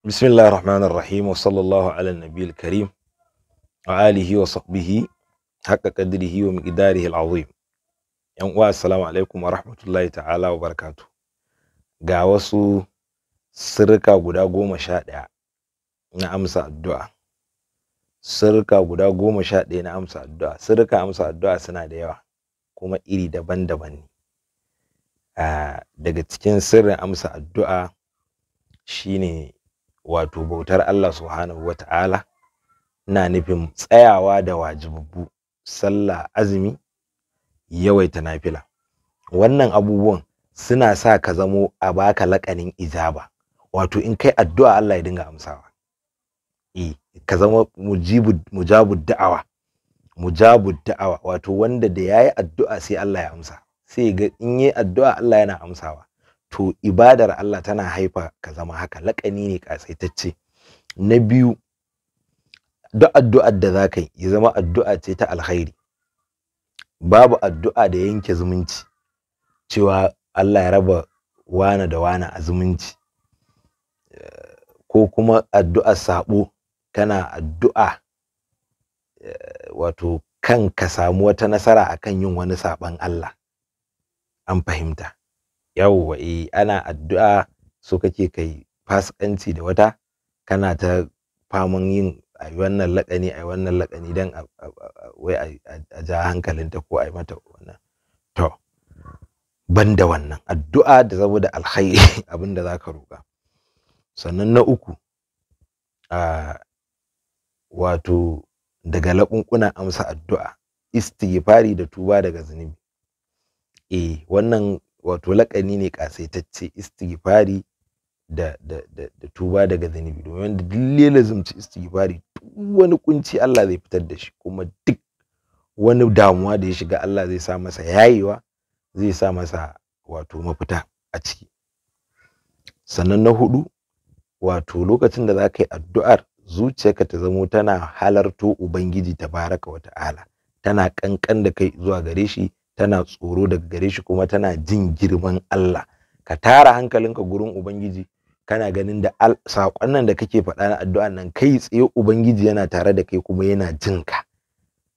بسم الله الرحمن الرحيم وصلى الله على النبي الكريم وآله وصحبه حق قدره ومقداره العظيم yan uwa assalamu alaikum wa rahmatullahi ta'ala wa barakatu ga wasu sirka guda goma sha ɗaya na amsa addu'a sirka guda goma sha ɗaya na amsa addu'a sirka amsa addu'a suna da yawa kuma iri daban-daban ne ah, daga cikin sirrin amsa addu'a shine wato bautar Allah subhanahu wata'ala na nufin tsayawa da wajibu sallah azumi yawaita nafila wannan abubuwan suna sa ka zamo a baka lakanin ijaba wato in kai addu'a Allah ya dinga amsawa eh ka zama mujibu mujabu da'awa mujabu da'awa wato wanda da yayi addu'a sai Allah ya amsa sai ga in yi addu'a Allah yana amsawa to ibadar Allah tana haifa ka zama haka lakani ne ƙasaitacce na biyu duk addu'ar da za ya zama addu'a ce ta alkhairi babu addu'a da yanke zumunci cewa Allah ya raba wana da wana a zumunci ko kuma addu'ar sabo kana addu'a eh, wato kan ka samu wata nasara akan yin wani saban Allah an fahimta yawwa eh ana addu'a so kake kai fasikanci da wata kana ta faman yin ai wannan laƙani ai wannan laƙani dan wai a ja hankalinta ko ai mata wannan to banda wannan addu'a da saboda alkhairi abinda zaka roƙa sannan na uku a wato daga laƙunƙunan amsa addu'a istighfari da tuba daga zunubi eh wannan wato laƙani ne ƙasaitacce istighfari da da da, da tuba daga zanibi, domin wanda duk ya ci istighfari duk wani kunci Allah zai fitar da shi kuma duk wani damuwa da ya shiga Allah zai sa masa yayewa zai sa masa wato mafita a ciki sannan na hudu wato lokacin da za ka yi addu'ar zuciyarka ta zamo tana halarto ubangiji tabaraka wa ta'ala tana kankan da kai zuwa gare shi tana tsoro daga gare shi kuma tana jin girman Allah ka tara hankalinka gurin ubangiji kana ganin da saƙonnan nan da kake faɗa na addu'a nan kai tsaye ubangiji yana tare da kai kuma yana jin ka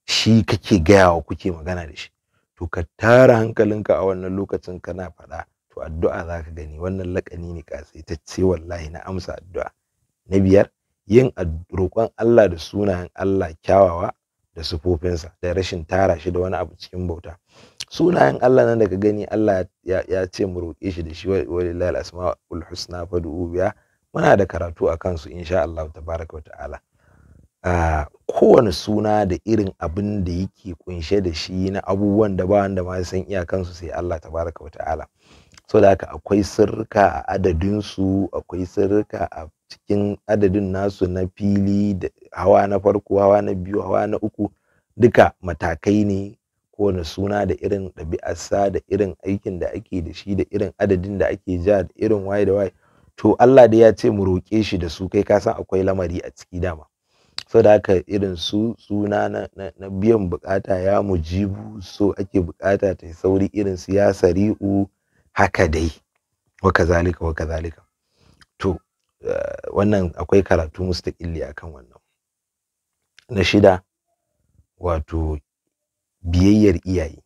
shi kake gayawa kuke magana da shi to ka tara hankalinka a wannan lokacin kana faɗa to addu'a zaka gani wannan lakani ne ƙasaitacce wallahi na amsa addu'a na biyar yin roƙon Allah da sunayen Allah kyawawa da sufofinsa da rashin tara shi da wani abu cikin bauta sunayen Allah nan daga gani Allah ya ce mu roƙe shi da shi walillahi al-asmaul husna fad'u biha muna da karatu a kansu insha Allah tabaraka ta'ala kowane suna da irin abin da yake kunshe da shi na abubuwan da ba wanda ma san iyakansu sai Allah tabaraka wata'ala so da haka akwai sirrika a adadin su akwai sirrika a cikin adadin nasu na fili da hawa na farko hawa na biyu hawa na uku duka matakai ne kowane suna da irin ɗabi'arsa da irin aikin da ake da shi da irin adadin da ake ja da irin waye da waye to Allah dai ya ce mu roƙe shi da su kai ka san akwai lamari a ciki dama so da haka irin su suna na, na, biyan bukata ya mu mujibu so ake bukata ta sauri irin su ya sari'u haka dai wa kazalika wa kazalika Eh, wannan akwai karatu mustaƙilli akan wannan na shida wato biyayyar iyaye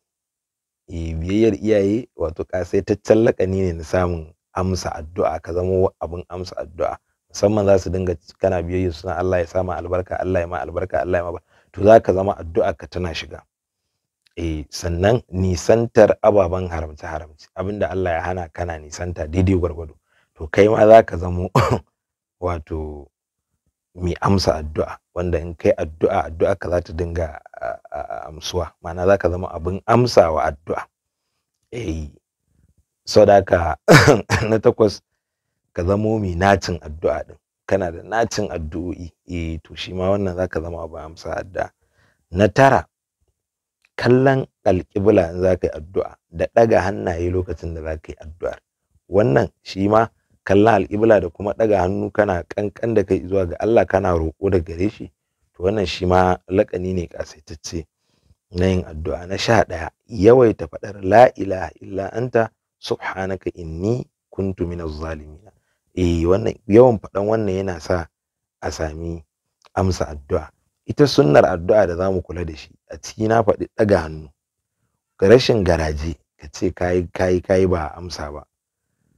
e, biyayyar iyaye wato ƙasaitaccen laƙani ne na samun amsa addu'a ka zama abin amsa addu'a musamman za su dinga kana biyayya suna Allah ya sama albarka Allah ya ma albarka Allah ya ma to za ka zama addu'a ka tana shiga eh sannan nisantar ababen haramci-haramci, abinda Allah ya hana kana nisanta daidai gwargwado to kai ma za ka zamo wato mai amsa addu'a wanda in kai addu'a addu'a ka za ta dinga amsuwa ma'ana za ka zama abin amsawa wa addu'a eh so da ka na takwas ka zamo mai nacin addu'a din kana da nacin addu'o'i eh to shi ma wannan za ka zama abin amsa addu'a na tara kallon alƙibla in za ka yi addu'a da ɗaga hannaye lokacin da za ka yi addu'ar wannan shi ma kalla al'ibla da kuma ɗaga hannu kana ƙanƙan da kai zuwa ga Allah kana roƙo da gare shi to wannan shi ma lakani ne kasaitacce na yin addu'a na sha ɗaya yawaita faɗar la ilaha illa anta subhanaka inni kuntu minaz zalimin eh wannan yawan faɗan wannan yana sa a sami amsa addu'a ita sunnar addu'a da zamu kula da shi a ciki na faɗi ɗaga hannu rashin garaje ka ce kayi kai kai ba amsa ba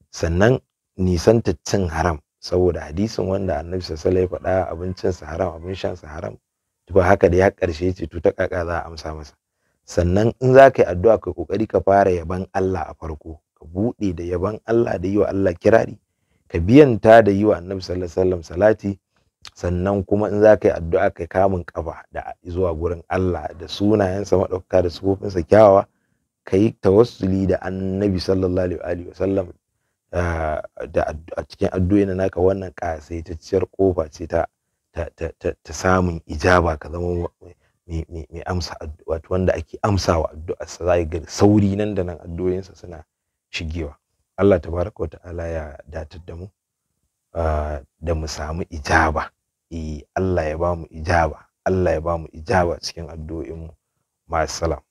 sannan nisanta cin haram saboda hadisin wanda annabi sallallahu Alaihi ya faɗa abincin sa haram abin shan sa haram to haka da ya karshe ce to ta kaka za a amsa masa sannan in za ka yi addu'a ka kokari ka fara yaban Allah a farko ka buɗe da yaban Allah da yiwa wa Allah kirari ka biyanta da yiwa wa annabi sallallahu alaihi wasallam salati sannan kuma in za ka yi addu'a ka kamun kafa da zuwa gurin Allah da sunayensa maɗauka da sa kyawawa ka yi tawassuli da annabi sallallahu alaihi wa Eh, da a cikin addu'ina naka wannan kasaitacciyar kofa ce ta ta samun ijaba ka zama mai amsa addu'a wanda ake amsawa addu'a sa za ga sauri nan da nan addu'o'insa suna shigewa Allah tabaraka ta'ala ya datar da mu eh, da mu samu ijaba eh, Allah ya bamu ijaba Allah ya bamu ijaba cikin addu'o'in mu ma